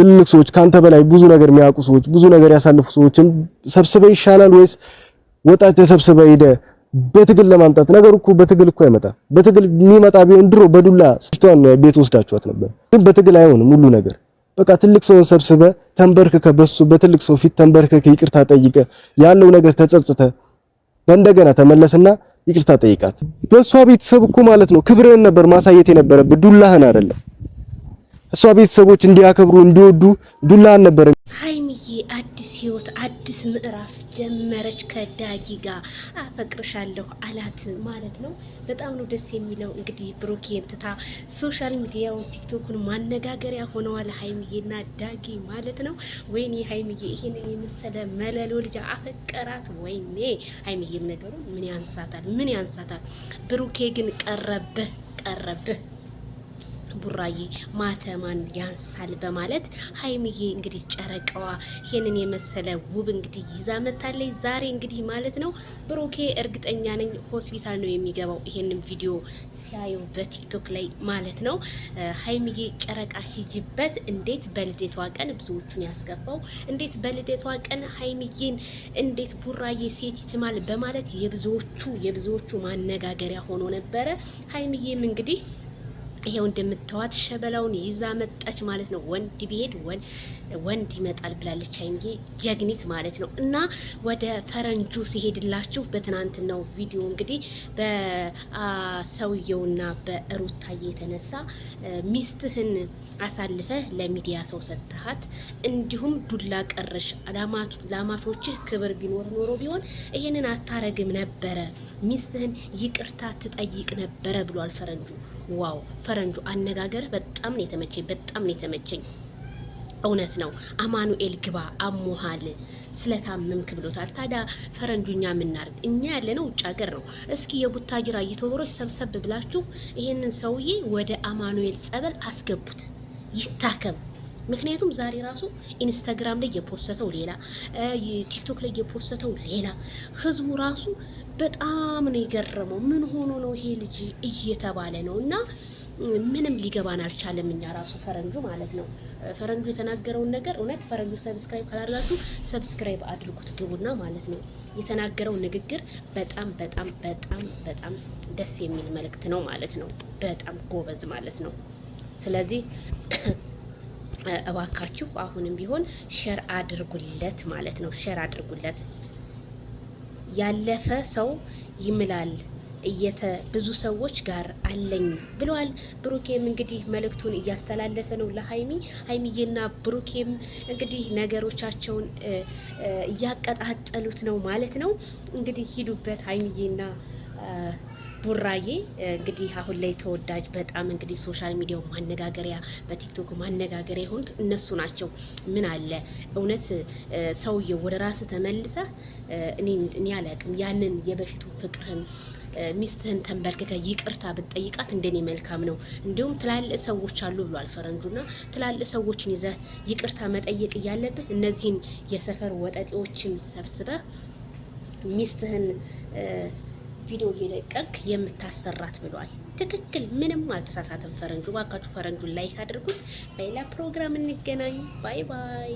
ትልልቅ ሰዎች ካንተ በላይ ብዙ ነገር የሚያውቁ ሰዎች ብዙ ነገር ያሳልፉ ሰዎችን ሰብስበ ይሻላል ወይስ ወጣት ተሰብስበ ሄደ በትግል ለማምጣት? ነገር እኮ በትግል እኮ አይመጣም። በትግል የሚመጣ ቢሆን ድሮ በዱላ ስቷን ቤት ወስዳችኋት ነበር። ግን በትግል አይሆንም ሁሉ ነገር። በቃ ትልቅ ሰውን ሰብስበ ተንበርክከ በሱ በትልቅ ሰው ፊት ተንበርክከህ ይቅርታ ጠይቀ ያለው ነገር ተጸጽተ በእንደገና ተመለስና ይቅርታ ጠይቃት። በሷ ቤተሰብ እኮ ማለት ነው ክብርህን ነበር ማሳየት የነበረብህ ዱላህን አይደለም። እሷ ቤተሰቦች እንዲያከብሩ እንዲወዱ ዱላ አልነበረም። ሀይሚዬ አዲስ ህይወት አዲስ ምዕራፍ ጀመረች ከዳጊ ጋር አፈቅርሻለሁ አላት ማለት ነው። በጣም ነው ደስ የሚለው። እንግዲህ ብሩኬን ትታ ሶሻል ሚዲያውን ቲክቶኩን ማነጋገሪያ ሆነዋል ሀይሚዬና ዳጊ ማለት ነው። ወይኔ ሀይሚዬ ይሄንን የመሰለ መለሎ ልጅ አፈቀራት። ወይኔ ሀይሚዬም ነገሩ ምን ያንሳታል? ምን ያንሳታል? ብሩኬ ግን ቀረብህ ቀረብህ ቡራዬ ማተማን ያንሳል በማለት ሀይሚዬ እንግዲህ ጨረቀዋ ይሄንን የመሰለ ውብ እንግዲህ ይዛ መታለች። ዛሬ እንግዲህ ማለት ነው ብሩኬ እርግጠኛ ነኝ ሆስፒታል ነው የሚገባው ይሄንን ቪዲዮ ሲያዩ በቲክቶክ ላይ ማለት ነው። ሀይሚዬ ጨረቃ ሂጅበት። እንዴት በልደቷ ቀን ብዙዎቹን ያስገባው እንዴት በልደቷ ቀን ሀይሚዬን እንዴት ቡራዬ ሴት ይትማል በማለት የብዙዎቹ የብዙዎቹ ማነጋገሪያ ሆኖ ነበረ። ሀይሚዬም እንግዲህ ይሄው እንደምታዋት ሸበላውን ይዛ መጣች ማለት ነው። ወንድ ቢሄድ ወንድ ይመጣል ብላለች አይንጌ ጀግኒት ማለት ነው። እና ወደ ፈረንጁ ሲሄድላችሁ በትናንትናው ቪዲዮ እንግዲህ በሰውየውና በሩታዬ የተነሳ ሚስትህን አሳልፈ ለሚዲያ ሰው ሰጥተሃት፣ እንዲሁም ዱላ ቀረሽ ለአማቾችህ ክብር ቢኖር ኖሮ ቢሆን ይህንን አታረግም ነበረ፣ ሚስትህን ይቅርታ ትጠይቅ ነበረ ብሏል ፈረንጁ። ዋው ፈረንጁ አነጋገር በጣም ነው የተመቸኝ፣ በጣም ነው የተመቸኝ። እውነት ነው። አማኑኤል ግባ አሞሃል ስለታመምክ ብሎታል። ታዲያ ፈረንጁ እኛ የምናርግ እኛ ያለ ነው ውጭ ሀገር ነው። እስኪ የቡታጅራ እየተወበሮች ሰብሰብ ብላችሁ ይህንን ሰውዬ ወደ አማኑኤል ጸበል አስገቡት ይታከም። ምክንያቱም ዛሬ ራሱ ኢንስታግራም ላይ የፖሰተው ሌላ፣ ቲክቶክ ላይ የፖሰተው ሌላ ህዝቡ ራሱ በጣም ነው የገረመው። ምን ሆኖ ነው ይሄ ልጅ እየተባለ ነው እና ምንም ሊገባን አልቻለም። እኛ ራሱ ፈረንጁ ማለት ነው ፈረንጁ የተናገረውን ነገር እውነት ፈረንጁ ሰብስክራይብ ካላደረጋችሁ ሰብስክራይብ አድርጉት ግቡና ማለት ነው የተናገረው ንግግር በጣም በጣም በጣም በጣም ደስ የሚል መልእክት ነው ማለት ነው። በጣም ጎበዝ ማለት ነው። ስለዚህ እባካችሁ አሁንም ቢሆን ሸር አድርጉለት ማለት ነው። ሸር አድርጉለት። ያለፈ ሰው ይምላል እየተ ብዙ ሰዎች ጋር አለኝ ብለዋል። ብሩኬም እንግዲህ መልእክቱን እያስተላለፈ ነው ለሀይሚ። ሀይሚዬና ብሩኬም እንግዲህ ነገሮቻቸውን እያቀጣጠሉት ነው ማለት ነው። እንግዲህ ሂዱበት ሀይሚዬና ቡራዬ እንግዲህ አሁን ላይ ተወዳጅ በጣም እንግዲህ ሶሻል ሚዲያው ማነጋገሪያ በቲክቶክ ማነጋገሪያ የሆኑት እነሱ ናቸው። ምን አለ እውነት ሰውየው ወደ ራስ ተመልሰ እኔ አላቅም ያንን የበፊቱን ፍቅርህን ሚስትህን ተንበርክከ ይቅርታ ብትጠይቃት እንደኔ መልካም ነው። እንዲሁም ትላልቅ ሰዎች አሉ ብሏል ፈረንጁና ትላልቅ ሰዎችን ይዘህ ይቅርታ መጠየቅ እያለብህ እነዚህን የሰፈር ወጠጤዎችን ሰብስበህ ሚስትህን ቪዲዮ እየለቀቅ የምታሰራት ብሏል። ትክክል፣ ምንም አልተሳሳተም። ፈረንጁ ባካችሁ ፈረንጁን ላይክ አድርጉት። በሌላ ፕሮግራም እንገናኝ። ባይ ባይ።